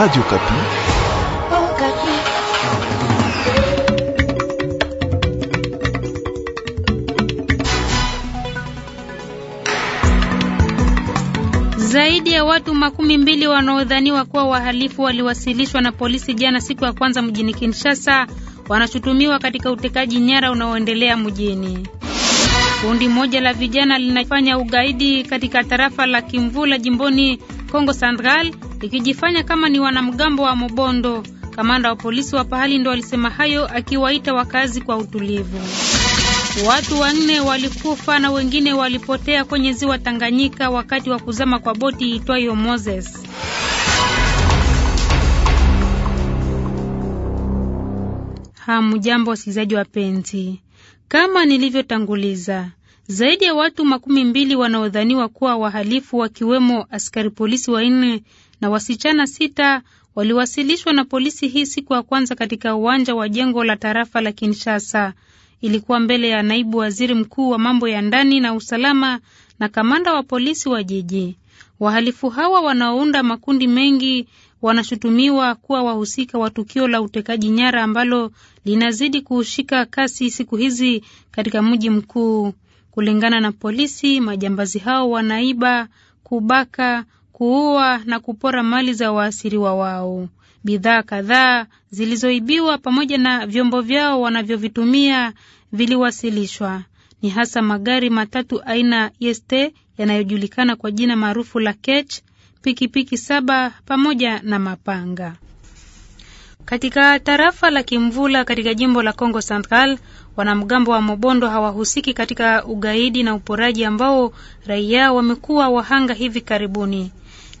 Radio oh, Kapi. Zaidi ya watu makumi mbili wanaodhaniwa kuwa wahalifu waliwasilishwa na polisi jana siku ya kwanza mjini Kinshasa wanashutumiwa katika utekaji nyara unaoendelea mjini. Kundi moja la vijana linafanya ugaidi katika tarafa la Kimvula jimboni Kongo Central ikijifanya kama ni wanamgambo wa Mobondo. Kamanda wa polisi wa pahali ndo alisema hayo akiwaita wakazi kwa utulivu. Watu wanne walikufa na wengine walipotea kwenye ziwa Tanganyika wakati wa kuzama kwa boti iitwayo Moses. Hamjambo wasikilizaji wapenzi, kama nilivyotanguliza, zaidi ya watu makumi mbili wanaodhaniwa kuwa wahalifu wakiwemo askari polisi wanne na wasichana sita waliwasilishwa na polisi hii siku ya kwanza katika uwanja wa jengo la tarafa la Kinshasa. Ilikuwa mbele ya naibu waziri mkuu wa mambo ya ndani na usalama na kamanda wa polisi wa jiji. Wahalifu hawa wanaounda makundi mengi wanashutumiwa kuwa wahusika wa tukio la utekaji nyara ambalo linazidi kushika kasi siku hizi katika mji mkuu. Kulingana na polisi, majambazi hao wanaiba, kubaka, kuua na kupora mali za waasiriwa wao. Bidhaa kadhaa zilizoibiwa pamoja na vyombo vyao wanavyovitumia viliwasilishwa. Ni hasa magari matatu aina EST yanayojulikana kwa jina maarufu la Kech, pikipiki saba pamoja na mapanga. Katika tarafa la Kimvula katika jimbo la Congo Central, wanamgambo wa Mobondo hawahusiki katika ugaidi na uporaji ambao raia wamekuwa wahanga hivi karibuni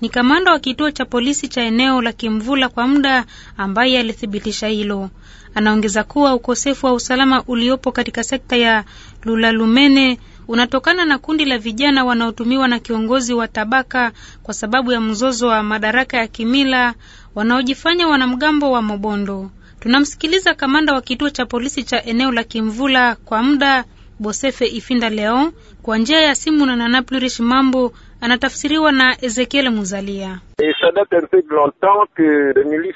ni kamanda wa kituo cha polisi cha eneo la Kimvula kwa muda ambaye alithibitisha hilo. Anaongeza kuwa ukosefu wa usalama uliopo katika sekta ya Lulalumene unatokana na kundi la vijana wanaotumiwa na kiongozi wa tabaka kwa sababu ya mzozo wa madaraka ya kimila wanaojifanya wanamgambo wa Mobondo. Tunamsikiliza kamanda wa kituo cha polisi cha eneo la Kimvula kwa muda Bosefe Ifinda Leon kwa njia ya simu na Nanaplurish Mambo anatafsiriwa na Ezekiel Muzalia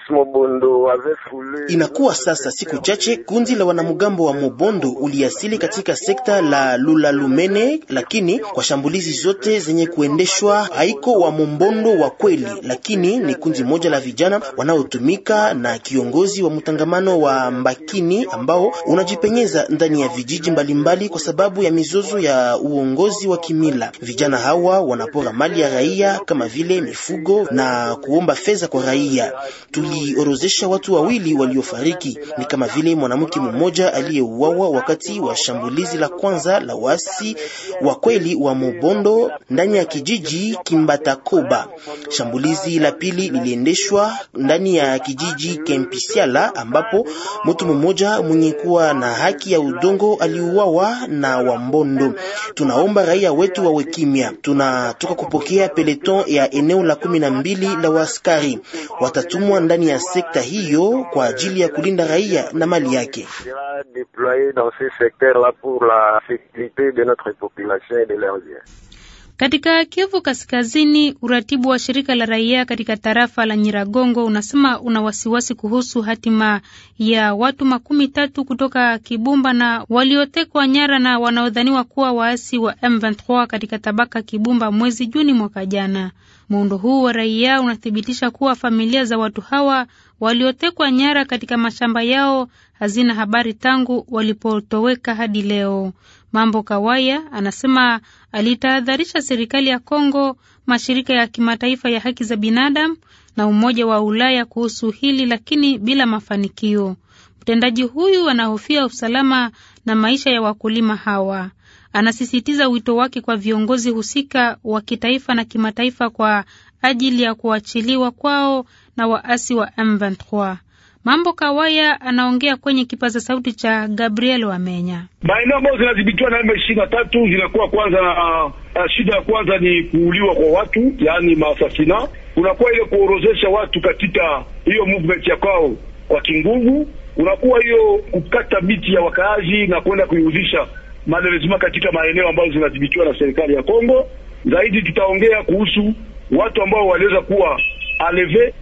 foulé... inakuwa sasa siku chache kundi la wanamgambo wa Mobondo uliasili katika sekta la Lulalumene, lakini kwa shambulizi zote zenye kuendeshwa haiko wa Mobondo wa kweli, lakini ni kundi moja la vijana wanaotumika na kiongozi wa mtangamano wa Mbakini ambao unajipenyeza ndani ya vijiji mbalimbali mbali kwa sababu ya mizozo ya uongozi wa kimila. Vijana hawa wanapora mali ya raia kama vile mifugo na kuomba fedha kwa raia. Tuliorozesha watu wawili waliofariki, ni kama vile mwanamke mmoja aliyeuawa wakati wa shambulizi la kwanza la wasi wa kweli wa Mobondo ndani ya kijiji Kimbatakoba. Shambulizi la pili liliendeshwa ndani ya kijiji Kempisiala ambapo mtu mmoja mwenye kuwa na haki ya udongo aliuawa na Wambondo. Tunaomba raia wetu wawe kimya. Tunatoka kupokea peleton ya eneo la kumi na mbili la waskari watatumwa ndani ya sekta hiyo kwa ajili ya kulinda raia na mali yake. Katika Kivu Kaskazini, uratibu wa shirika la raia katika tarafa la Nyiragongo unasema una wasiwasi kuhusu hatima ya watu makumi tatu kutoka Kibumba na waliotekwa nyara na wanaodhaniwa kuwa waasi wa M23 katika tabaka Kibumba mwezi Juni mwaka jana. Muundo huu wa raia unathibitisha kuwa familia za watu hawa waliotekwa nyara katika mashamba yao hazina habari tangu walipotoweka hadi leo. Mambo Kawaya anasema alitahadharisha serikali ya Kongo, mashirika ya kimataifa ya haki za binadamu na Umoja wa Ulaya kuhusu hili, lakini bila mafanikio. Mtendaji huyu anahofia usalama na maisha ya wakulima hawa. Anasisitiza wito wake kwa viongozi husika wa kitaifa na kimataifa kwa ajili ya kuachiliwa kwao na waasi wa M23. Mambo Kawaya anaongea kwenye kipaza sauti cha Gabriel Wamenya. Maeneo ambayo zinadhibitiwa na M23 zinakuwa kwanza uh, uh, shida ya kwanza ni kuuliwa kwa watu, yaani maasasina. Kunakuwa ile kuorozesha watu katika hiyo movement ya kwao kwa kinguvu, kunakuwa hiyo kukata miti ya wakaaji na kwenda kuiuzisha maderezima katika maeneo ambayo zinadhibitiwa na serikali ya Kongo. Zaidi tutaongea kuhusu watu ambao waliweza kuwa aleve.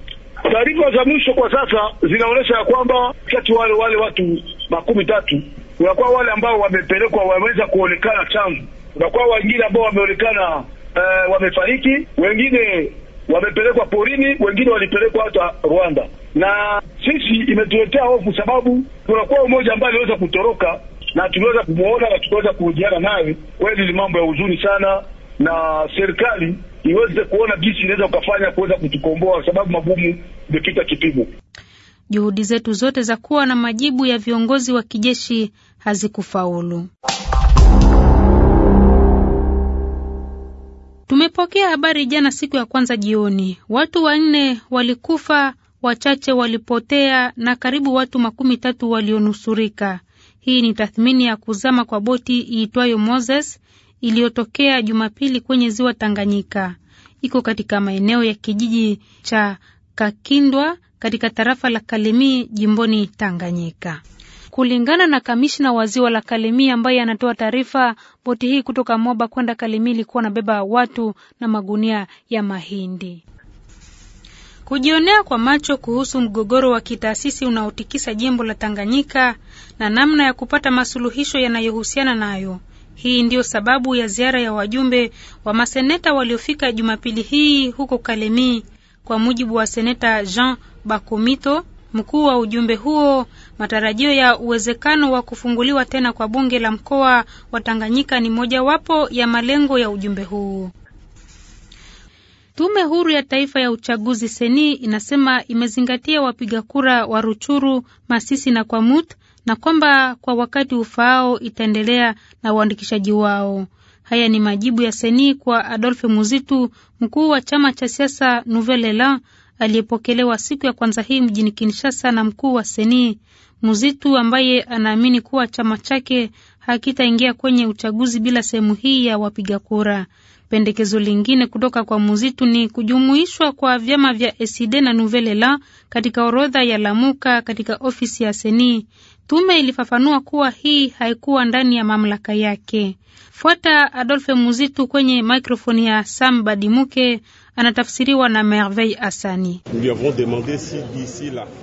Taarifa za mwisho kwa sasa zinaonyesha ya kwamba kati wale wale watu makumi tatu kunakuwa wale ambao wamepelekwa wameweza kuonekana changu, unakuwa wengine ambao wameonekana uh, wamefariki, wengine wamepelekwa porini, wengine walipelekwa hata Rwanda, na sisi imetuletea hofu sababu kunakuwa umoja ambaye aliweza kutoroka na tuliweza kumwona na tukaweza kuhojiana naye. Kweli ni mambo ya huzuni sana, na serikali iweze kuona jinsi inaweza ukafanya kuweza kutukomboa, kwa sababu magumu imepita kipimo. Juhudi zetu zote za kuwa na majibu ya viongozi wa kijeshi hazikufaulu. Tumepokea habari jana siku ya kwanza jioni, watu wanne walikufa, wachache walipotea na karibu watu makumi tatu walionusurika. Hii ni tathmini ya kuzama kwa boti iitwayo Moses iliyotokea Jumapili kwenye ziwa Tanganyika. Iko katika maeneo ya kijiji cha Kakindwa katika tarafa la Kalemie jimboni Tanganyika. Kulingana na kamishna wa ziwa la Kalemie ambaye anatoa taarifa, boti hii kutoka Moba kwenda Kalemie ilikuwa nabeba watu na magunia ya mahindi. Kujionea kwa macho kuhusu mgogoro wa kitaasisi unaotikisa jimbo la Tanganyika na namna ya kupata masuluhisho yanayohusiana nayo. Hii ndiyo sababu ya ziara ya wajumbe wa maseneta waliofika Jumapili hii huko kalemi Kwa mujibu wa seneta Jean Bakomito, mkuu wa ujumbe huo, matarajio ya uwezekano wa kufunguliwa tena kwa bunge la mkoa wa Tanganyika ni mojawapo ya malengo ya ujumbe huu. Tume huru ya taifa ya uchaguzi seni inasema imezingatia wapiga kura wa Ruchuru, Masisi na Kwamut na kwamba kwa wakati ufaao itaendelea na uandikishaji wao. Haya ni majibu ya seni kwa adolfe Muzitu, mkuu wa chama cha siasa Nouvel Elan, aliyepokelewa siku ya kwanza hii mjini Kinshasa na mkuu wa seni Muzitu, ambaye anaamini kuwa chama chake hakitaingia kwenye uchaguzi bila sehemu hii ya wapiga kura. Pendekezo lingine kutoka kwa Muzitu ni kujumuishwa kwa vyama vya Eside na Nouvelle Elan katika orodha ya Lamuka katika ofisi ya Seni. Tume ilifafanua kuwa hii haikuwa ndani ya mamlaka yake. Fuata adolfe Muzitu kwenye microfoni ya Sam Badimuke anatafsiriwa na Merveille Asani.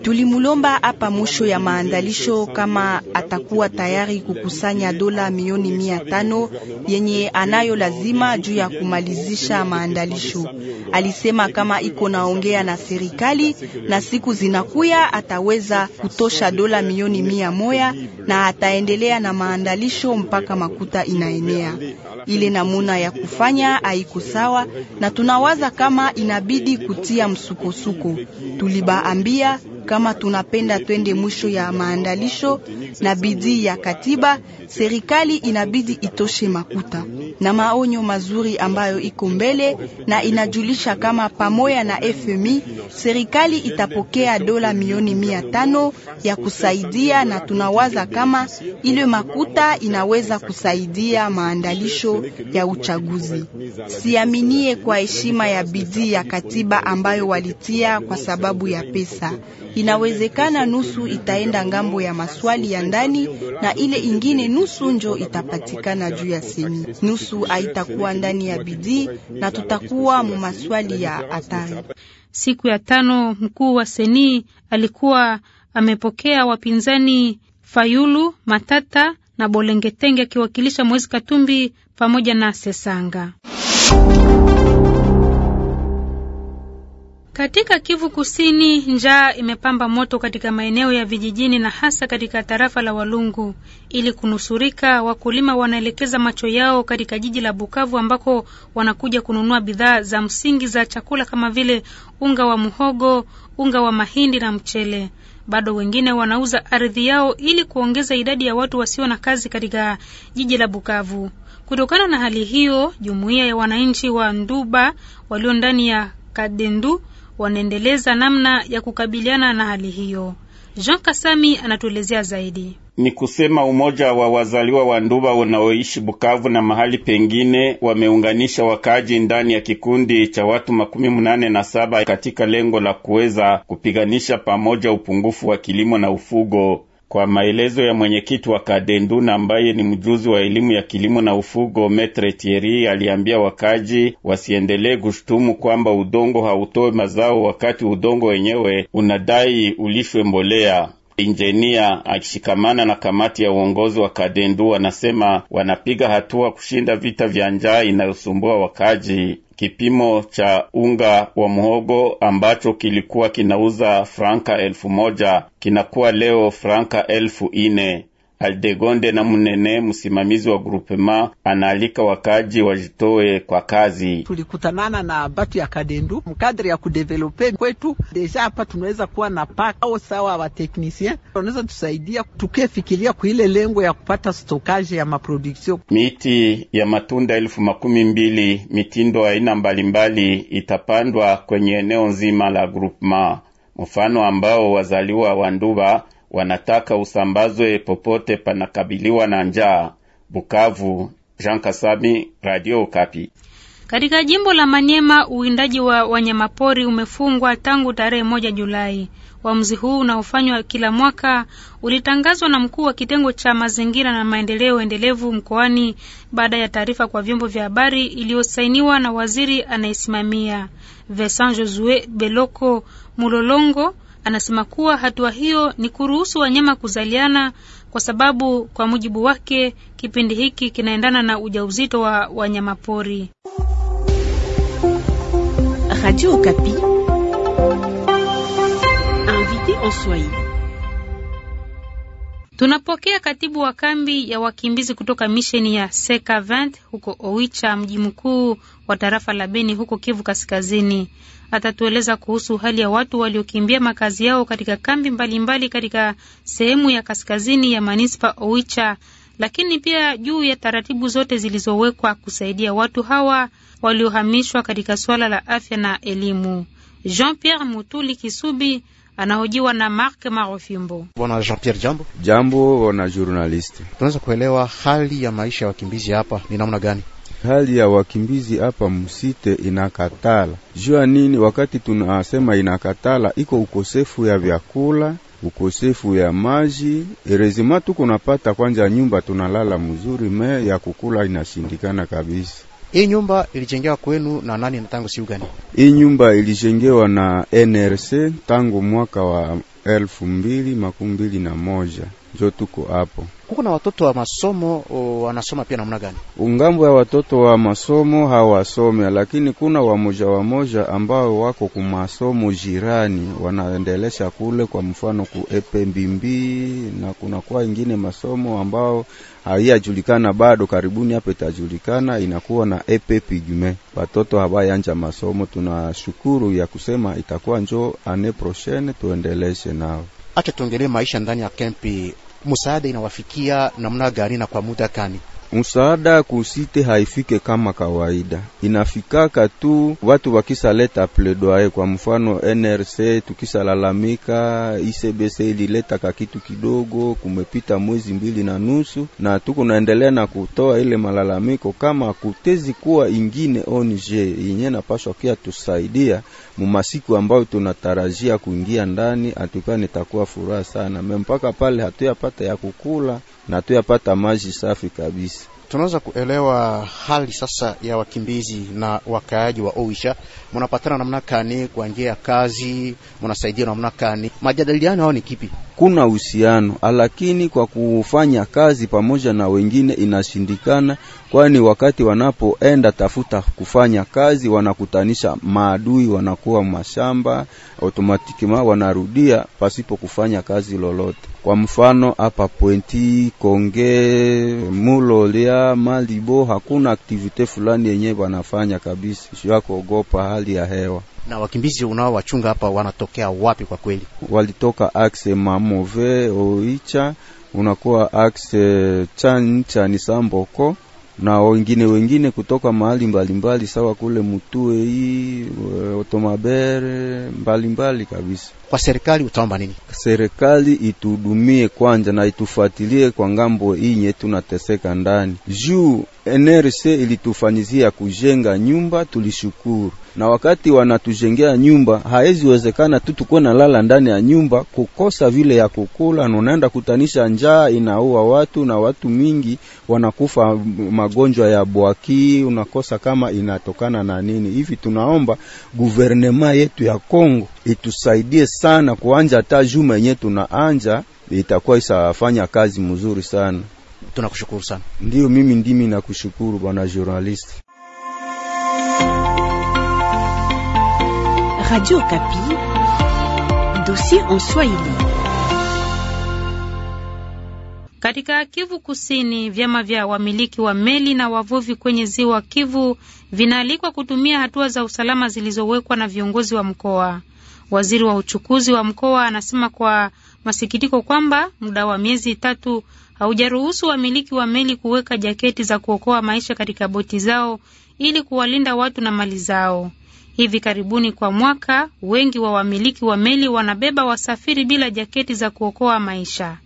Tulimulomba hapa mwisho ya maandalisho kama atakuwa tayari kukusanya dola milioni mia tano yenye anayo lazima juu ya kumalizisha maandalisho. Alisema kama iko naongea na serikali na siku zinakuya ataweza kutosha dola milioni mia moya na ataendelea na maandalisho mpaka makuta inaenea. Ile namuna ya kufanya haiko sawa na tunawaza kama inabidi kutia msukosuko. Tulibaambia kama tunapenda twende mwisho ya maandalisho na bidii ya katiba, serikali inabidi itoshe makuta na maonyo mazuri ambayo iko mbele, na inajulisha kama pamoja na FMI serikali itapokea dola milioni mia tano ya kusaidia, na tunawaza kama ile makuta inaweza kusaidia maandalisho ya uchaguzi. Siaminie kwa heshima ya bidii ya katiba ambayo walitia kwa sababu ya pesa Inawezekana nusu itaenda ngambo ya maswali ya ndani na ile ingine nusu njo itapatikana juu ya semi. Nusu haitakuwa ndani ya bidii na tutakuwa mu maswali ya hatari. Siku ya tano mkuu wa seni alikuwa amepokea wapinzani Fayulu Matata na Bolengetenge akiwakilisha mwezi Katumbi pamoja na Sesanga. Katika Kivu Kusini, njaa imepamba moto katika maeneo ya vijijini na hasa katika tarafa la Walungu. Ili kunusurika, wakulima wanaelekeza macho yao katika jiji la Bukavu ambako wanakuja kununua bidhaa za msingi za chakula kama vile unga wa muhogo, unga wa mahindi na mchele. Bado wengine wanauza ardhi yao ili kuongeza idadi ya watu wasio na kazi katika jiji la Bukavu. Kutokana na hali hiyo, jumuiya ya wananchi wa Nduba walio ndani ya Kadendu wanaendeleza namna ya kukabiliana na hali hiyo. Jean Kasami anatuelezea zaidi. Ni kusema umoja wa wazaliwa wa Nduba unaoishi Bukavu na mahali pengine wameunganisha wakaaji ndani ya kikundi cha watu makumi mnane na saba katika lengo la kuweza kupiganisha pamoja upungufu wa kilimo na ufugo. Kwa maelezo ya mwenyekiti wa Kadenduna ambaye ni mjuzi wa elimu ya kilimo na ufugo, Metre Thierry aliambia wakaji wasiendelee kushutumu kwamba udongo hautoe mazao wakati udongo wenyewe unadai ulishwe mbolea. Injenia akishikamana na kamati ya uongozi wa Kadendu wanasema wanapiga hatua kushinda vita vya njaa inayosumbua wakaji. Kipimo cha unga wa muhogo ambacho kilikuwa kinauza franka elfu moja kinakuwa leo franka elfu ine. Aldegonde na Munene, msimamizi wa grupema, anaalika wakaji wajitoe kwa kazi. Tulikutanana na batu ya Kadendu mkadri ya kudevelope kwetu, deja hapa tunaweza kuwa na pak au sawa, wateknisien wanaweza tusaidia tukefikiria kuile lengo ya kupata stokaje ya maproduksio. Miti ya matunda elfu makumi mbili mitindo aina mbalimbali itapandwa kwenye eneo nzima la grupema, mfano ambao wazaliwa wa Nduba wanataka usambazwe popote panakabiliwa na njaa. Bukavu, Jean Kasami, Radio Kapi. Katika jimbo la Manyema uwindaji wa wanyamapori umefungwa tangu tarehe moja Julai. Uamuzi huu unaofanywa kila mwaka ulitangazwa na mkuu wa kitengo cha mazingira na maendeleo endelevu mkoani baada ya taarifa kwa vyombo vya habari iliyosainiwa na waziri anayesimamia Vincent Josue Beloko Mulolongo anasema kuwa hatua hiyo ni kuruhusu wanyama kuzaliana kwa sababu kwa mujibu wake kipindi hiki kinaendana na ujauzito wa wanyamapori. pori Tunapokea katibu wa kambi ya wakimbizi kutoka misheni ya Sekavent 20 huko Oicha, mji mkuu wa tarafa la Beni huko Kivu Kaskazini atatueleza kuhusu hali ya watu waliokimbia makazi yao katika kambi mbalimbali mbali katika sehemu ya kaskazini ya manispa Oicha, lakini pia juu ya taratibu zote zilizowekwa kusaidia watu hawa waliohamishwa katika suala la afya na elimu. Jean Pierre Mutuli Kisubi anahojiwa na Mark Marofimbo. Bwana Jean Pierre, jambo. Jambo na journaliste, tunaweza kuelewa hali ya maisha ya wakimbizi hapa ni namna gani? hali ya wakimbizi hapa msite inakatala. Jua nini? Wakati tunasema inakatala, iko ukosefu ya vyakula, ukosefu ya maji. Erezima tuko napata kwanja nyumba tunalala mzuri, me ya kukula inashindikana kabisa. Hii nyumba ilijengewa kwenu na nani na tangu siku gani? Hii nyumba ilijengewa na NRC tangu mwaka wa elfu mbili makumi mbili na moja njo tuko hapo. Kuko na watoto wa masomo wanasoma pia namna gani? Ungambo ya watoto wa masomo hawasome, lakini kuna wamoja wamoja ambao wako ku masomo jirani wanaendelesha kule, kwa mfano ku epe mbimbi, na kuna kwa ingine masomo ambao haiyajulikana bado, karibuni hapo itajulikana, inakuwa na epe pigme. Watoto habayanja masomo, tunashukuru ya kusema itakuwa njo ane prochaine tuendeleshe nao. Acha tuongelee maisha ndani ya kempi msaada inawafikia namna gani na kwa muda gani? Msaada kusite haifike kama kawaida, inafikaka tu watu wakisaleta pledoaye. Kwa mfano NRC tukisalalamika, ICBC ilileta ka kitu kidogo, kumepita mwezi mbili na nusu na tukunaendelea na kutoa ile malalamiko, kama kutezi kuwa ingine ONG yenye napaswa kia tusaidia mumasiku ambayo tunatarajia kuingia ndani, atuka nitakuwa furaha sana me, mpaka pale hatuyapata ya kukula na hatuyapata maji safi kabisa. Tunaweza kuelewa hali sasa ya wakimbizi na wakaaji wa Oisha, munapatana namna kani kwa njia ya kazi, munasaidia namna kani, majadiliano ao ni kipi? kuna uhusiano, lakini kwa kufanya kazi pamoja na wengine inashindikana, kwani wakati wanapoenda tafuta kufanya kazi wanakutanisha maadui, wanakuwa mashamba automatikima, wanarudia pasipo kufanya kazi lolote. Kwa mfano hapa Pointi, Konge, Mulolea, Malibo, hakuna aktivite fulani yenye wanafanya kabisa, sio kuogopa hali ya hewa na wakimbizi unaowachunga hapa wanatokea wapi? Kwa kweli walitoka axe mamove oicha, unakuwa axe chancha ni samboko na wengine wengine kutoka mahali mbalimbali sawa kule mutue hii eh, otomabere mbalimbali kabisa. Kwa serikali utaomba nini? Serikali itudumie kwanja na itufuatilie kwa ngambo hii yetu nateseka ndani juu NRC ilitufanyizia kujenga nyumba, tulishukuru. Na wakati wanatujengea nyumba, haeziwezekana tu tukuwe na lala ndani ya nyumba, kukosa vile ya kukula, nunaenda kutanisha njaa, inaua watu na watu mingi wanakufa magonjwa ya bwaki, unakosa kama inatokana na nini hivi. Tunaomba guvernema yetu ya Kongo itusaidie sana kuanja, hata jume yenyewe tunaanja itakuwa isafanya kazi mzuri sana tunakushukuru sana. Ndio, mimi ndimi nakushukuru bwana journalist. Radio Kapi, dossier en Swahili. Katika Kivu Kusini, vyama vya wamiliki wa meli na wavuvi kwenye ziwa Kivu vinaalikwa kutumia hatua za usalama zilizowekwa na viongozi wa mkoa. Waziri wa uchukuzi wa mkoa anasema kwa masikitiko kwamba muda wa miezi tatu haujaruhusu wamiliki wa meli kuweka jaketi za kuokoa maisha katika boti zao ili kuwalinda watu na mali zao. Hivi karibuni kwa mwaka, wengi wa wamiliki wa meli wanabeba wasafiri bila jaketi za kuokoa maisha.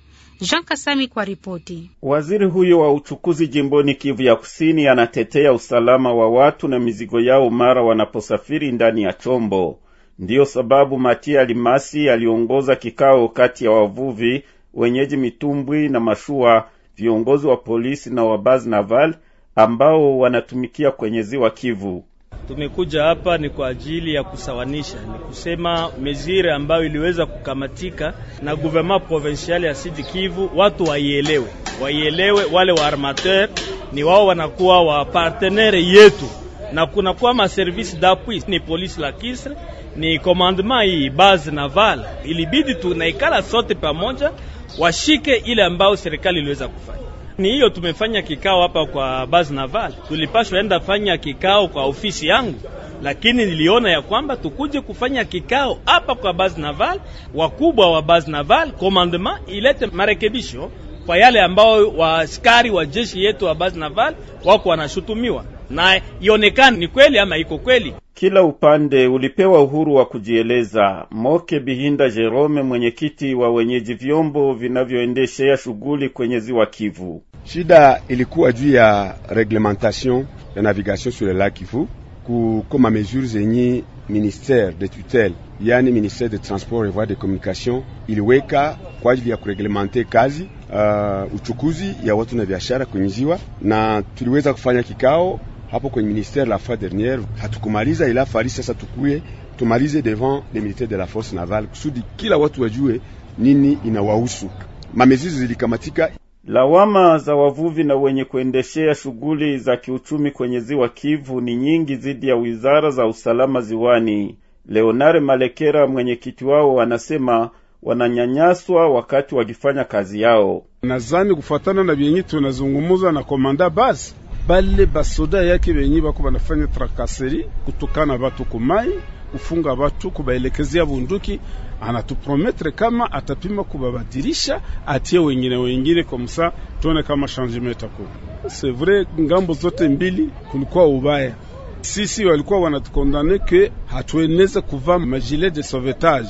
Jean Kasami kwa ripoti. Waziri huyo wa uchukuzi jimboni Kivu ya Kusini anatetea usalama wa watu na mizigo yao mara wanaposafiri ndani ya chombo. Ndiyo sababu Matia Limasi aliongoza kikao kati ya wavuvi wenyeji mitumbwi na mashua, viongozi wa polisi na wa bazi naval ambao wanatumikia kwenye ziwa Kivu. Tumekuja hapa ni kwa ajili ya kusawanisha, ni kusema mezire ambayo iliweza kukamatika na gouvernement provincial ya Sud Kivu, watu waielewe, waielewe. Wale wa armateur ni wao wanakuwa wa partenere yetu, na kunakuwa maservisi d'appui, ni polisi la kisre, ni commandement hii base naval. Ilibidi tunaikala sote pamoja washike ile ambayo serikali iliweza kufanya. Ni hiyo tumefanya kikao hapa kwa base naval, tulipashwa enda fanya kikao kwa ofisi yangu, lakini niliona ya kwamba tukuje kufanya kikao hapa kwa base naval. Wakubwa wa base naval commandement ilete marekebisho kwa yale ambao waaskari wa jeshi yetu wa base naval wako wanashutumiwa, na ionekane ni kweli ama iko kweli. Kila upande ulipewa uhuru wa kujieleza. Moke Bihinda Jerome, mwenyekiti wa wenyeji vyombo vinavyoendeshea shughuli kwenye ziwa Kivu: shida ilikuwa juu ya reglementation ya navigation sur le lac Kivu kukoma mesure zenye ministere de tutele, yani ministere de transport et voie de communication iliweka kwa ajili ya kureglemente kazi uh, uchukuzi ya watu na biashara kwenye ziwa, na tuliweza kufanya kikao hapo kwenye ministère la fois dernière hatukumaliza, ila fari sasa tukuye tumalize devant les militaires de la force navale kusudi kila watu wajue nini inawahusu. mamezizi zilikamatika. Lawama za wavuvi na wenye kuendeshea shughuli za kiuchumi kwenye ziwa Kivu ni nyingi dhidi ya wizara za usalama ziwani. Leonare Malekera, mwenyekiti wao, anasema wananyanyaswa wakati wakifanya kazi yao. Nazani kufatana na vyenye tunazungumuza na komanda basi bale basoda yake benyi bako banafanya trakaseri kutukana batu kumai kufunga batu kubaelekezea bunduki, anatuprometre kama atapima kubabadilisha, atie wengine wengine, kwa msa tuone kama changement itakuwa c'est vrai. Ngambo zote mbili kulikuwa ubaya. Sisi walikuwa wanatukondane ke hatueneze kuvaa majile de sauvetage.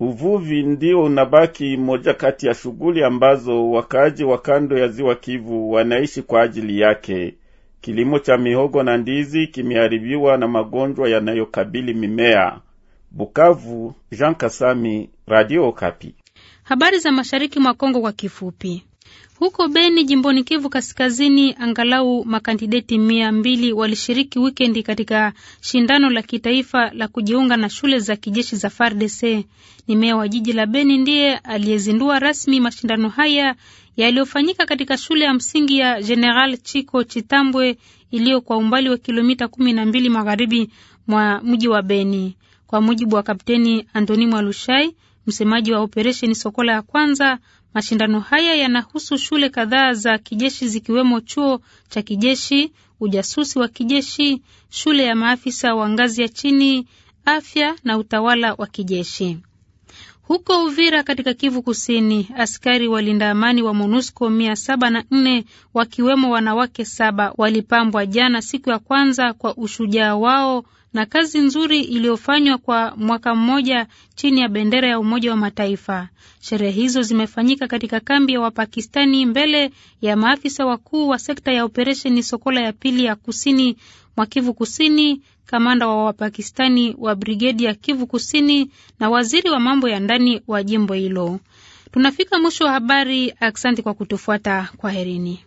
Uvuvi ndio unabaki moja kati ya shughuli ambazo wakaaji wa kando ya ziwa Kivu wanaishi kwa ajili yake. Kilimo cha mihogo na ndizi kimeharibiwa na magonjwa yanayokabili mimea. Bukavu, Jean Kasami, Radio kapi Habari za mashariki mwa Kongo kwa kifupi. Huko Beni jimboni Kivu Kaskazini, angalau makandideti mia mbili walishiriki wikendi katika shindano la kitaifa la kujiunga na shule za kijeshi za FARDC. Ni meya wa jiji la Beni ndiye aliyezindua rasmi mashindano haya yaliyofanyika katika shule ya msingi ya General Chiko Chitambwe iliyo kwa umbali wa kilomita kumi na mbili magharibi mwa mji wa Beni, kwa mujibu wa Kapteni Antoni Mwalushai, msemaji wa operesheni Sokola ya kwanza. Mashindano haya yanahusu shule kadhaa za kijeshi zikiwemo chuo cha kijeshi, ujasusi wa kijeshi, shule ya maafisa wa ngazi ya chini, afya na utawala wa kijeshi. Huko Uvira katika Kivu Kusini, askari walinda amani wa MONUSCO mia saba na nne wakiwemo wanawake saba walipambwa jana siku ya kwanza kwa ushujaa wao na kazi nzuri iliyofanywa kwa mwaka mmoja chini ya bendera ya Umoja wa Mataifa. Sherehe hizo zimefanyika katika kambi ya Wapakistani mbele ya maafisa wakuu wa sekta ya operesheni Sokola ya pili ya kusini mwa Kivu Kusini, kamanda wa Wapakistani wa brigedi ya Kivu Kusini na waziri wa mambo ya ndani wa jimbo hilo. Tunafika mwisho wa habari. Asante kwa kutufuata. Kwaherini.